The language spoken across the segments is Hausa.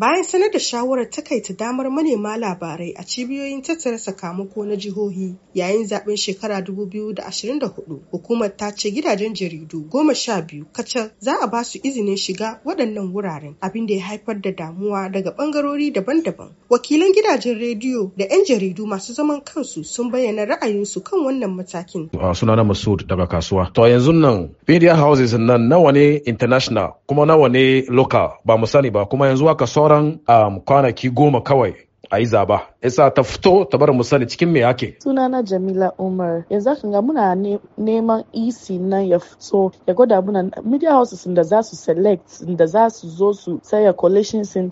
bayan sanar da shawarar takaita damar manema labarai a cibiyoyin tattara sakamako na jihohi yayin zaben shekara 2024 hukumar ta ce gidajen jaridu goma sha biyu kacal za a ba su izinin shiga waɗannan wuraren abin da ya haifar da damuwa daga ɓangarori daban-daban wakilan gidajen rediyo da 'yan jaridu masu zaman kansu sun bayyana ra'ayinsu kan wannan matakin sunana masud daga kasuwa to yanzu nan media houses nan nawa ne international kuma nawa ne local ba mu sani ba kuma yanzu aka sauran um, kwanaki goma kawai a yi zaba isa ta fito ta bar mu sani cikin me yake sunana jamila umar yanzu kan ga muna neman ec nan ya fito ya gwada muna media houses da za su select da za su zo su saya collation sun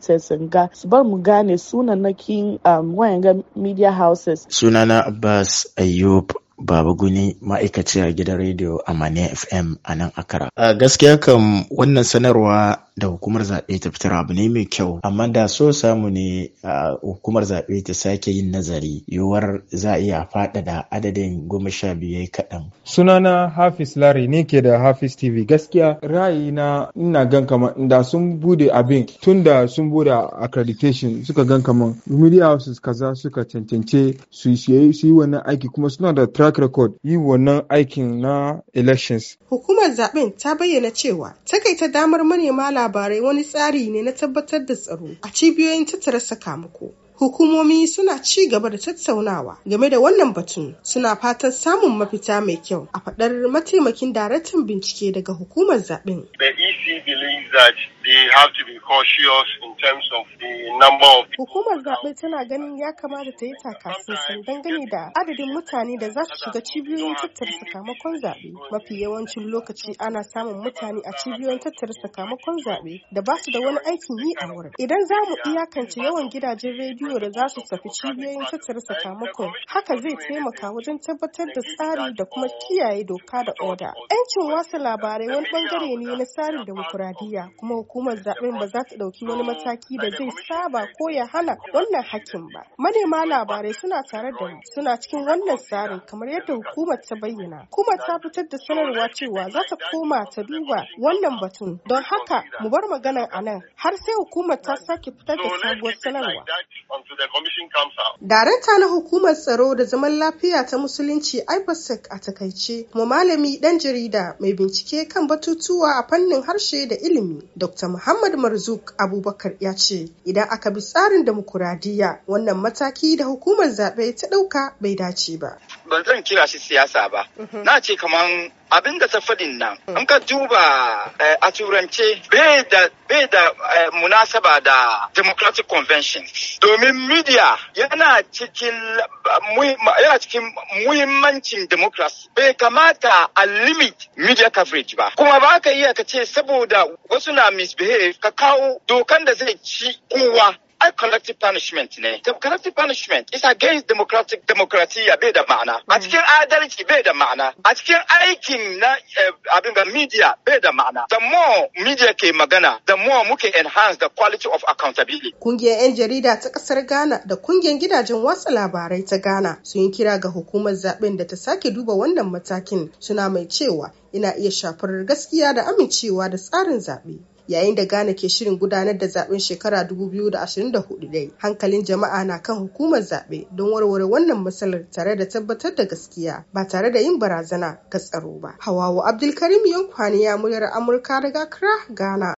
ga su bar mu gane suna na kin um, wayan ga media houses Suna na abbas Ayyub, Baba Guni ma'aikaci a gidan rediyo a Mane FM a nan Akara. A gaskiya kam wannan sanarwa da hukumar zaɓe ta fitar abu ne mai kyau amma da so samu ne hukumar zaɓe ta sake yin nazari yiwuwar za a iya faɗaɗa adadin goma sha biyu kaɗan. sunana hafiz lari ne ke da hafiz tv gaskiya ra'ayina ina gan kamar da sun bude abin tun da sun bude accreditation suka gan kamar media houses kaza suka cancance su yi wannan aiki kuma suna da track record yi wannan aikin na elections. hukumar zaɓen ta bayyana cewa takaita damar manema labarai labarai wani tsari ne na tabbatar da tsaro a cibiyoyin tattara sakamako. Hukumomi suna ci gaba da tattaunawa game da wannan batun suna fatan samun mafita mai kyau a faɗar mataimakin daraktan bincike daga hukumar zaɓen. The EC believes that they have to be cautious terms of the number of Hukumar zaɓe tana ganin ya kamata ta yi sosai dangane da adadin mutane da za su shiga cibiyoyin tattara sakamakon zaɓe. Mafi yawancin lokaci ana samun mutane a cibiyoyin tattara sakamakon zaɓe da ba su da wani aikin yi a wurin. Idan za mu iyakance yawan gidajen rediyo da za su tafi cibiyoyin tattara sakamakon, haka zai taimaka wajen tabbatar da tsari da kuma kiyaye doka da oda. 'Yancin wasa labarai wani bangare ne na tsarin dimokuradiyya, kuma hukumar zaɓen ba za ta ɗauki wani mataki mataki da zai saba ko ya hana wannan hakkin ba. Manema labarai suna tare da mu suna cikin wannan tsarin kamar yadda hukumar ta bayyana. Kuma ta fitar da sanarwa cewa za ta koma ta duba wannan batun. Don haka mu bar maganar a nan har sai hukumar ta sake fitar da sabuwar sanarwa. Darakta na hukumar tsaro da zaman lafiya ta musulunci IBASEC a takaice, mu malami dan jarida mai bincike kan batutuwa a fannin harshe da ilimi, Dr. Muhammad Marzuk Abubakar ya ce idan aka bi tsarin dimokuradiyya wannan mataki da hukumar zaɓe ta ɗauka bai dace ba. Ban zan kira shi siyasa ba. Mhm. Na ce kamar abin da ta faɗin nan, an mhm. ka duba eh, a turance bai da Eh, munasaba da democratic convention domin media yana cikin yana cikin muhimmancin democracy bai kamata a limit media coverage ba kuma ba ka iya ka ce saboda wasu na misbehave ka kawo dokan da zai ci kowa ai collective punishment ne collective punishment is against democratic democracy bai da ma'ana a hmm. cikin adalci bai da ma'ana a cikin aikin na eh, abin ga media bai da ma'ana the more media ke magana the more muke enhance the quality of accountability kungiyar yan jarida ta kasar Ghana da kungiyar gidajen watsa labarai ta Ghana sun yi kira ga hukumar zaben da ta sake duba wannan matakin suna mai cewa "Ina iya shafar gaskiya da amincewa da tsarin zaɓe. yayin da Ghana ke shirin gudanar da zaben shekara 2024 hankalin jama'a na kan hukumar zaɓe don warware wannan matsalar tare da tabbatar da gaskiya ba tare da yin barazana ga tsaro ba. Hawawu Abdulkarim Yankwani ya muryar Amurka daga kra Ghana.